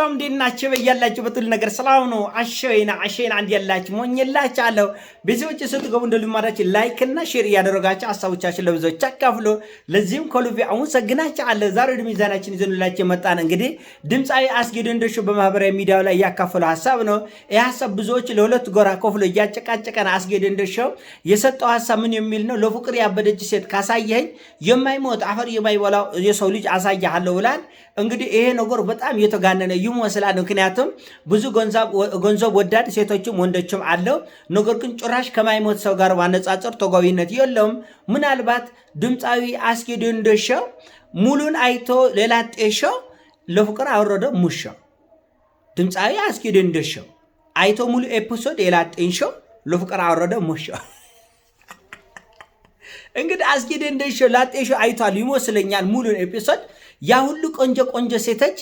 ሰላም እንዴት ናችሁ? በያላችሁ በጥል ነገር ሰላም ነው። አሸይና አሸይና አንድ ያላችሁ ሞኝላችሁ አለው። ቤተሰቦች ስትገቡ እንደ ልማዳችሁ ላይክ እና ሼር እያደረጋችሁ ሀሳቦቻችን ለብዙዎች አካፍሎ ለዚህም ከልቤ አመሰግናችሁ አለ። ዛሬ ወደ ሚዛናችን ይዘንላችሁ መጣን። እንግዲህ ድምፃዊ አስጌ ዶንዶሾ በማህበራዊ ሚዲያው ላይ እያካፈለ ሀሳብ ነው። ይህ ሀሳብ ብዙዎች ለሁለት ጎራ ከፍሎ እያጨቃጨቀን፣ አስጌ ዶንዶሾ የሰጠው ሀሳብ ምን የሚል ነው? ለፍቅር ያበደች ሴት ካሳየኸኝ የማይሞት አፈር የማይበላው የሰው ልጅ አሳያለሁ ብላል። እንግዲህ ይሄ ነገር በጣም የተጋነነ ይመስላል። ምክንያቱም ብዙ ገንዘብ ወዳድ ሴቶችም ወንዶችም አለው። ነገር ግን ጭራሽ ከማይሞት ሰው ጋር ማነጻጸር ተገቢነት የለውም። ምናልባት ድምፃዊ አስጌ ዶንዶሾ ሙሉን አይቶ ሌላ ጤሾ ለፍቅር አወረደ ሙሾ። ድምፃዊ አስጌ ዶንዶሾ አይቶ ሙሉ ኤፒሶድ ሌላ ጤንሾ ለፍቅር አወረደ ሙሾ። እንግዲህ አስጌ ዶንዶሾ ላጤሾ አይቷል ይመስለኛል ሙሉን ኤፒሶድ ያ ሁሉ ቆንጆ ቆንጆ ሴቶች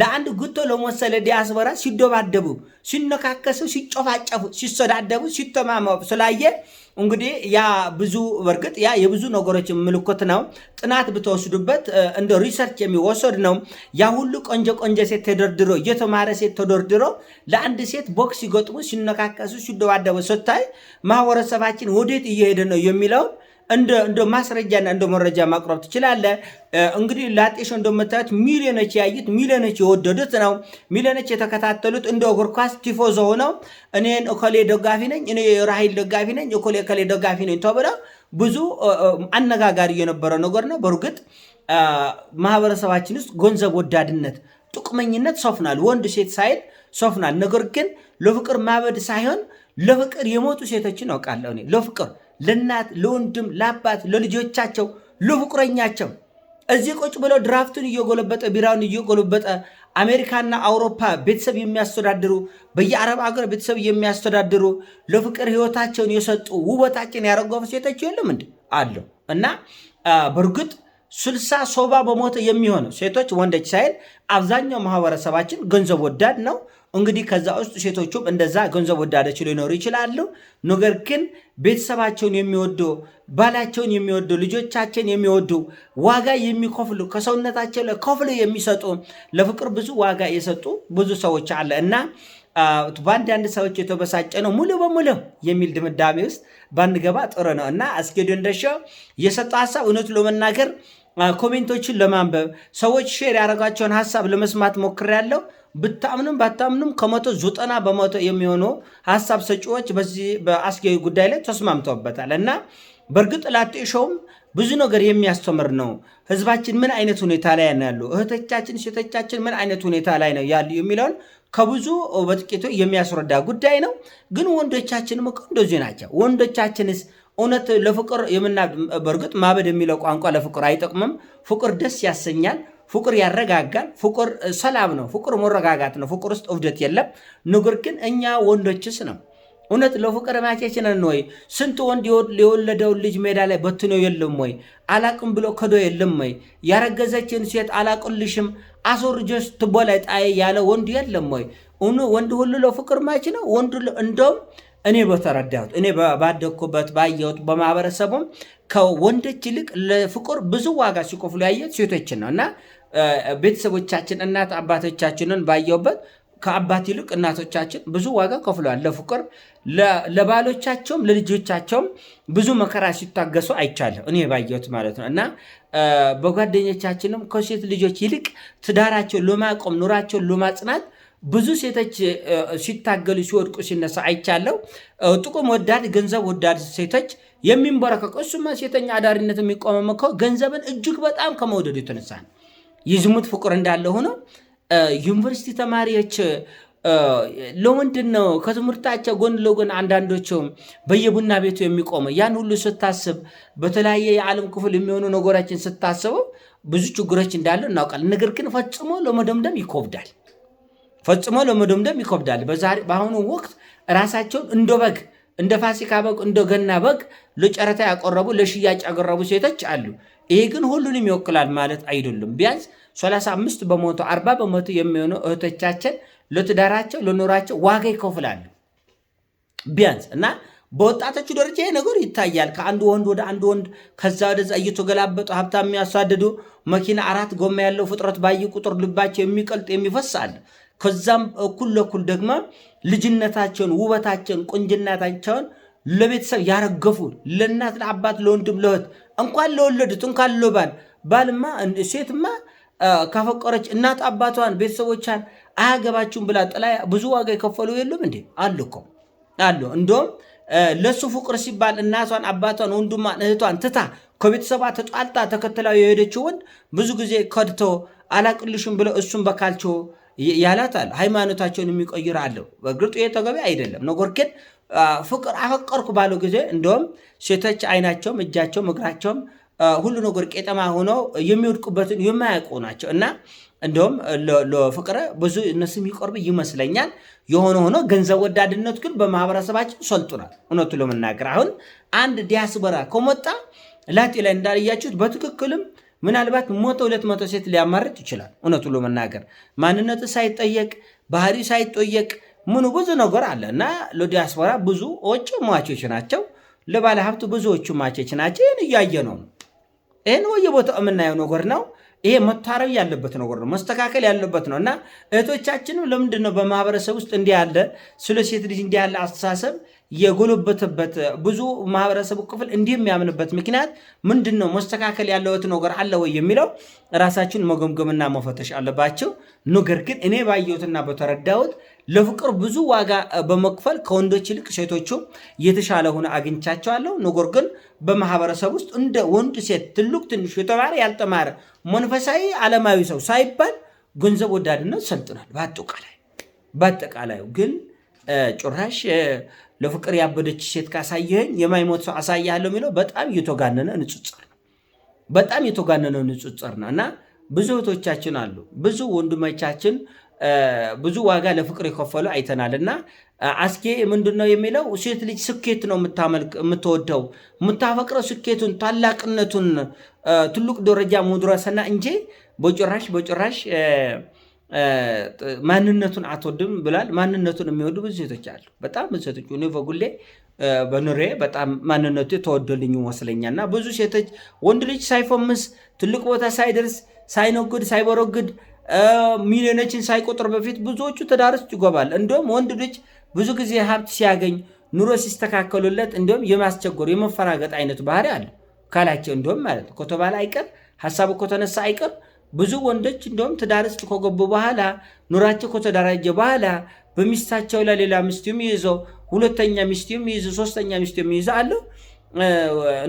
ለአንድ ጉቶ ለመሰለ ዲያስፖራ ሲደባደቡ፣ ሲነካከሱ፣ ሲጨፋጨፉ፣ ሲሰዳደቡ፣ ሲተማመቡ ስላየ እንግዲህ ያ ብዙ በርግጥ ያ የብዙ ነገሮች ምልክት ነው። ጥናት ብትወስዱበት እንደ ሪሰርች የሚወሰድ ነው። ያ ሁሉ ቆንጆ ቆንጆ ሴት ተደርድሮ የተማረ ሴት ተደርድሮ ለአንድ ሴት ቦክስ ሲገጥሙ፣ ሲነካከሱ፣ ሲደባደቡ ስታይ ማህበረሰባችን ወዴት እየሄደ ነው የሚለው እንደ ማስረጃና እንደ መረጃ ማቅረብ ትችላለህ። እንግዲህ ላጤሾ እንደምታዩት ሚሊዮኖች ያዩት፣ ሚሊዮኖች የወደዱት ነው፣ ሚሊዮኖች የተከታተሉት እንደ እግር ኳስ ቲፎዞ ሆነው እኔን እኮሌ ደጋፊ ነኝ፣ እኔ ራሂል ደጋፊ ነኝ፣ እኮሌ እኮሌ ደጋፊ ነኝ ተብለው ብዙ አነጋጋሪ የነበረ ነገር ነው። በእርግጥ ማህበረሰባችን ውስጥ ገንዘብ ወዳድነት፣ ጥቅመኝነት ሰፍናል፣ ወንድ ሴት ሳይል ሰፍናል። ነገር ግን ለፍቅር ማበድ ሳይሆን ለፍቅር የሞቱ ሴቶችን አውቃለሁ እኔ ለፍቅር ለእናት ለወንድም ለአባት ለልጆቻቸው ለፍቁረኛቸው እዚህ ቁጭ ብለው ድራፍቱን እየጎለበጠ ቢራውን እየጎለበጠ አሜሪካና አውሮፓ ቤተሰብ የሚያስተዳድሩ በየአረብ አገር ቤተሰብ የሚያስተዳድሩ ለፍቅር ህይወታቸውን የሰጡ ውበታችን ያረገፉ ሴቶች የለም እንዲ አለው እና በእርግጥ ስልሳ ሶባ በሞተ የሚሆነው ሴቶች ወንዶች ሳይል አብዛኛው ማህበረሰባችን ገንዘብ ወዳድ ነው። እንግዲህ ከዛ ውስጥ ሴቶቹም እንደዛ ገንዘብ ወዳደች ሊኖሩ ይችላሉ። ነገር ግን ቤተሰባቸውን የሚወዱ ባላቸውን የሚወዱ ልጆቻቸውን የሚወዱ ዋጋ የሚከፍሉ ከሰውነታቸው ላይ ከፍሉ የሚሰጡ ለፍቅር ብዙ ዋጋ የሰጡ ብዙ ሰዎች አለ እና በአንዳንድ ሰዎች የተበሳጨ ነው ሙሉ በሙሉ የሚል ድምዳሜ ውስጥ ባንገባ ጥሩ ነው እና አስጌዶ እንደሻ የሰጠው ሀሳብ እውነቱ ለመናገር ኮሜንቶችን ለማንበብ ሰዎች ሼር ያደረጓቸውን ሀሳብ ለመስማት ሞክሬያለሁ። ብታምንም ባታምንም ከመቶ ዘጠና በመቶ የሚሆኑ ሀሳብ ሰጪዎች በዚህ በአስጌ ጉዳይ ላይ ተስማምተውበታል እና በእርግጥ ላጤ ሾውም ብዙ ነገር የሚያስተምር ነው። ህዝባችን ምን አይነት ሁኔታ ላይ ነው ያሉ፣ እህቶቻችን ሴቶቻችን ምን አይነት ሁኔታ ላይ ነው ያሉ የሚለውን ከብዙ በጥቂቱ የሚያስረዳ ጉዳይ ነው። ግን ወንዶቻችንም እኮ እንደዚህ ናቸው። ወንዶቻችንስ እውነት ለፍቅር የምና በእርግጥ ማበድ የሚለው ቋንቋ ለፍቅር አይጠቅምም። ፍቅር ደስ ያሰኛል። ፍቅር ያረጋጋል። ፍቅር ሰላም ነው። ፍቅር መረጋጋት ነው። ፍቅር ውስጥ እብደት የለም። ነገር ግን እኛ ወንዶችስ ነው እውነት ለፍቅር ማቼች ነን ወይ? ስንት ወንድ የወለደውን ልጅ ሜዳ ላይ በትኖ የለም ወይ? አላቅም ብሎ ከዶ የለም ወይ? ያረገዘችን ሴት አላቅልሽም አስወርጆች ትቦ ላይ ጣይ ያለ ወንድ የለም ወይ? እኑ ወንድ ሁሉ ለፍቅር ማች ነው። ወንድ። እንደውም እኔ በተረዳሁት እኔ ባደግኩበት ባየሁት በማህበረሰቡም ከወንዶች ይልቅ ለፍቅር ብዙ ዋጋ ሲከፍሉ ያየት ሴቶችን ነው እና ቤተሰቦቻችን እናት አባቶቻችንን ባየውበት ከአባት ይልቅ እናቶቻችን ብዙ ዋጋ ከፍለዋል። ለፍቅር ለባሎቻቸውም ለልጆቻቸውም ብዙ መከራ ሲታገሱ አይቻለሁ እኔ ባየሁት ማለት ነው። እና በጓደኞቻችንም ከሴት ልጆች ይልቅ ትዳራቸው ለማቆም ኑራቸውን ለማጽናት ብዙ ሴቶች ሲታገሉ ሲወድቁ ሲነሳ አይቻለሁ። ጥቁም ወዳድ ገንዘብ ወዳድ ሴቶች የሚንበረከቁ እሱማ ሴተኛ አዳሪነት የሚቆመመከው ገንዘብን እጅግ በጣም ከመውደዱ የተነሳ ነው። የዝሙት ፍቅር እንዳለ ሆኖ ዩኒቨርሲቲ ተማሪዎች ለምንድን ነው ከትምህርታቸው ጎን ለጎን አንዳንዶቹም በየቡና ቤቱ የሚቆመ? ያን ሁሉ ስታስብ በተለያየ የዓለም ክፍል የሚሆኑ ነገሮችን ስታስበው ብዙ ችግሮች እንዳሉ እናውቃለን። ነገር ግን ፈጽሞ ለመደምደም ይከብዳል። ፈጽሞ ለመደምደም ይከብዳል። በአሁኑ ወቅት ራሳቸውን እንደ በግ እንደ ፋሲካ በግ እንደ ገና በግ ለጨረታ ያቀረቡ ለሽያጭ ያቀረቡ ሴቶች አሉ። ይሄ ግን ሁሉንም ይወክላል ማለት አይደሉም። ቢያንስ 35 በመቶ 40 በመቶ የሚሆኑ እህቶቻችን ለትዳራቸው ለኖራቸው ዋጋ ይከፍላሉ ቢያንስ እና በወጣቶቹ ደረጃ ይሄ ነገር ይታያል። ከአንድ ወንድ ወደ አንድ ወንድ ከዛ ወደዛ እየተገላበጡ ሀብታም የሚያሳድዱ መኪና አራት ጎማ ያለው ፍጥረት ባየ ቁጥር ልባቸው የሚቀልጥ የሚፈስ አለ። ከዛም እኩል ለኩል ደግሞ ልጅነታቸውን፣ ውበታቸውን፣ ቁንጅናታቸውን ለቤተሰብ ያረገፉ ለእናት፣ ለአባት፣ ለወንድም፣ ለእህት እንኳን ለወለዱት እንኳን ለባል ባልማ ሴትማ ካፈቀረች እናት አባቷን ቤተሰቦቿን አያገባችሁም ብላ ጥላ ብዙ ዋጋ የከፈሉ የሉም እንዴ? አሉ እኮ አሉ። እንደውም ለሱ ፍቅር ሲባል እናቷን አባቷን ወንድሟን እህቷን ትታ ከቤተሰቧ ተጧልጣ ተከትላው የሄደችውን ብዙ ጊዜ ከድቶ አላቅልሽም ብለው እሱን በካልቸው ያላታል ሃይማኖታቸውን የሚቆይር አለው። በእርግጥ ይሄ አይደለም። ነገር ግን ፍቅር አፈቀርኩ ባለ ጊዜ እንደውም ሴቶች አይናቸውም፣ እጃቸውም፣ እግራቸውም ሁሉ ነገር ቄጠማ ሆኖ የሚወድቁበትን የማያውቁ ናቸው እና እንደውም ለፍቅረ ብዙ እነሱ የሚቆርብ ይመስለኛል። የሆነ ሆኖ ገንዘብ ወዳድነት ግን በማህበረሰባችን ሰልጡናል። እውነቱ ለመናገር አሁን አንድ ዲያስፖራ ከመጣ ላጤ ላይ እንዳልያችሁት በትክክልም ምናልባት ሞተ ሁለት መቶ ሴት ሊያማርጥ ይችላል። እውነቱ ለመናገር ማንነቱ ሳይጠየቅ ባህሪው ሳይጠየቅ ምኑ ብዙ ነገር አለ እና ለዲያስፖራ ብዙዎች ሟቾች ናቸው። ለባለ ሀብት ብዙዎቹ ሟቾች ናቸው። ይህን እያየ ነው። ይህን በየቦታው የምናየው ነገር ነው። ይሄ መታረብ ያለበት ነገር ነው። መስተካከል ያለበት ነው እና እህቶቻችንም ለምንድን ነው በማህበረሰብ ውስጥ እንዲህ ያለ ስለ ሴት ልጅ እንዲህ ያለ አስተሳሰብ የጎለበተበት ብዙ ማህበረሰቡ ክፍል እንዲህ የሚያምንበት ምክንያት ምንድን ነው? መስተካከል ያለበት ነገር አለ ወይ የሚለው ራሳችን መገምገምና መፈተሽ አለባቸው። ነገር ግን እኔ ባየሁትና በተረዳሁት ለፍቅር ብዙ ዋጋ በመክፈል ከወንዶች ይልቅ ሴቶቹ የተሻለ ሆነ አግኝቻቸዋለሁ። ነገር ግን በማህበረሰብ ውስጥ እንደ ወንድ ሴት፣ ትልቅ ትንሹ፣ የተማረ ያልተማረ፣ መንፈሳዊ ዓለማዊ ሰው ሳይባል ገንዘብ ወዳድነት ሰልጥናል። በአጠቃላይ በአጠቃላዩ ግን ጭራሽ ለፍቅር ያበደች ሴት ካሳየኝ የማይሞት ሰው አሳያለሁ የሚለው በጣም እየተጋነነ ንጽጽር በጣም የተጋነነ ንጽጽር ነው እና ብዙ እህቶቻችን አሉ፣ ብዙ ወንድሞቻችን ብዙ ዋጋ ለፍቅር የከፈሉ አይተናል። እና አስጌ ምንድን ነው የሚለው ሴት ልጅ ስኬት ነው የምትወደው የምታፈቅረው ስኬቱን፣ ታላቅነቱን፣ ትልቅ ደረጃ መድረስና እንጂ በጭራሽ በጭራሽ ማንነቱን አትወድም ብሏል። ማንነቱን የሚወዱ ብዙ ሴቶች አሉ። በጣም ብዙ ሴቶች እኔ በጉሌ በኑሬ በጣም ማንነቱ የተወደልኝ ይመስለኛል። እና ብዙ ሴቶች ወንድ ልጅ ሳይፈምስ ትልቅ ቦታ ሳይደርስ ሳይነግድ ሳይበረግድ ሚሊዮኖችን ሳይቆጥር በፊት ብዙዎቹ ትዳር ውስጥ ይገባል። እንዲሁም ወንድ ልጅ ብዙ ጊዜ ሀብት ሲያገኝ ኑሮ ሲስተካከሉለት እንዲሁም የማስቸገሩ የመፈራገጥ አይነት ባህሪ አለ ካላቸው እንዲሁም ማለት ከተባለ አይቀር ሀሳቡ ከተነሳ አይቀር ብዙ ወንዶች እንደውም ትዳር ውስጥ ከገቡ በኋላ ኑራቸው ከተደራጀ በኋላ በሚስታቸው ላይ ሌላ ሚስትም ይዘው ሁለተኛ ሚስትም ይዘው ሶስተኛ ሚስትም ይዘው አለ።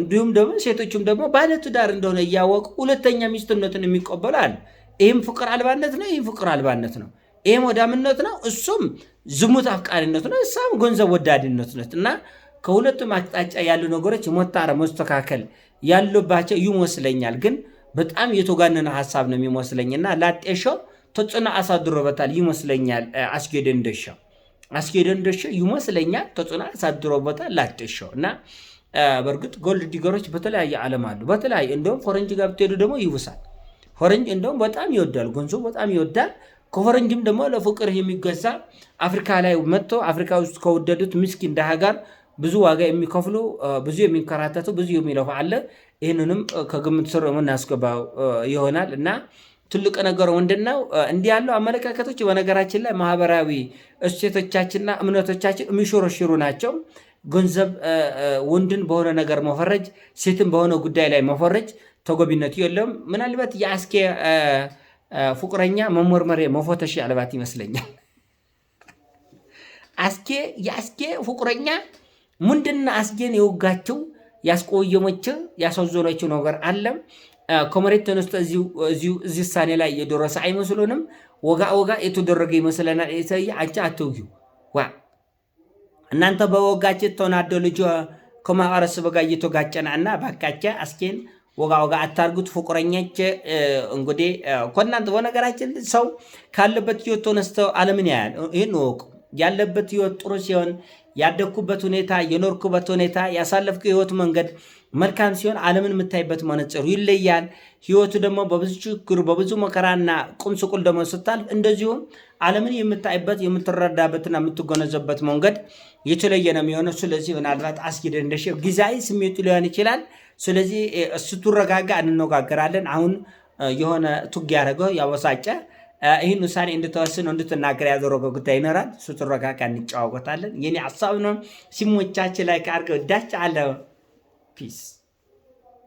እንዲሁም ደግሞ ሴቶችም ደግሞ ባለ ትዳር እንደሆነ እያወቁ ሁለተኛ ሚስትነትን የሚቀበሉ አሉ። ይህም ፍቅር አልባነት ነው። ይህም ፍቅር አልባነት ነው። ይህም ወዳምነት ነው። እሱም ዝሙት አፍቃሪነት ነው። እሷም ገንዘብ ወዳድነት ነት እና ከሁለቱም አቅጣጫ ያሉ ነገሮች መጣር መስተካከል ያሉባቸው ይመስለኛል ግን በጣም የተጋነነ ሀሳብ ነው የሚመስለኝ የሚመስለኝና ላጤሻው ተጽዕኖ አሳድሮበታል ይመስለኛል። አስጌ ደንደሻ አስጌ ደንደሻ ይመስለኛል ተጽዕኖ አሳድሮበታል ላጤሻው እና በእርግጥ ጎልድ ዲገሮች በተለያየ ዓለም አሉ። በተለያየ እንደውም ፈረንጅ ጋር ብትሄዱ ደግሞ ይውሳል። ፈረንጅ እንደውም በጣም ይወዳል፣ ጎንዞ በጣም ይወዳል። ከፈረንጅም ደግሞ ለፍቅር የሚገዛ አፍሪካ ላይ መጥቶ አፍሪካ ውስጥ ከወደዱት ምስኪን ደሃ ጋር ብዙ ዋጋ የሚከፍሉ ብዙ የሚንከራተቱ ብዙ የሚለፉ አለ። ይህንንም ከግምት ስር የምናስገባው ይሆናል እና ትልቅ ነገር ምንድነው? እንዲህ ያለው አመለካከቶች በነገራችን ላይ ማህበራዊ እሴቶቻችንና እምነቶቻችን የሚሽሮሽሩ ናቸው። ገንዘብ ወንድን በሆነ ነገር መፈረጅ፣ ሴትን በሆነ ጉዳይ ላይ መፈረጅ ተገቢነቱ የለውም። ምናልባት የአስኬ ፍቅረኛ መመርመር መፎተሽ አልባት ይመስለኛል። አስኬ የአስኬ ፍቅረኛ ምንድና አስጌን የወጋቸው ያስቆየመችው ያሳዘነችው ነገር አለ። ከመሬት ተነስቶ እዚህ ውሳኔ ላይ የደረሰ አይመስሎንም። ወጋ ወጋ የተደረገ ይመስለናል። የተየ አንቺ አትውጊው ዋ እናንተ በወጋችን ተናደ ልጅ ከማህበረሰብ ጋር እየተጋጨና እና ባካቸ አስኬን ወጋ ወጋ አታርጉት። ፍቁረኛች እንግዲህ ከእናንተ በነገራችን ሰው ካለበት ህይወት ተነስተው አለምን ያያል። ይህን ወቅ ያለበት ህይወት ጥሩ ሲሆን ያደግኩበት ሁኔታ፣ የኖርኩበት ሁኔታ፣ ያሳለፍኩ የህይወት መንገድ መልካም ሲሆን ዓለምን የምታይበት መነጽሩ ይለያል። ህይወቱ ደግሞ በብዙ ችግር በብዙ መከራና ቁምስቁል ደግሞ ስታልፍ እንደዚሁም ዓለምን የምታይበት የምትረዳበትና የምትጎነዘበት መንገድ የተለየ ነው የሚሆነው። ስለዚህ ምናልባት አስጊደ እንደሽ ጊዜያዊ ስሜቱ ሊሆን ይችላል። ስለዚህ ስትረጋጋ እንነጋገራለን። አሁን የሆነ ቱግ ያደረገው ያወሳጨ ይህን ውሳኔ እንድትወስን እንድትናገር ያደረገው ጉዳይ ይኖራል። እሱ ትረጋጋ እንጨዋወታለን። የኔ ሀሳብ ነው። ሲሞቻችን ላይ ከአርገው ዳች አለ ፒስ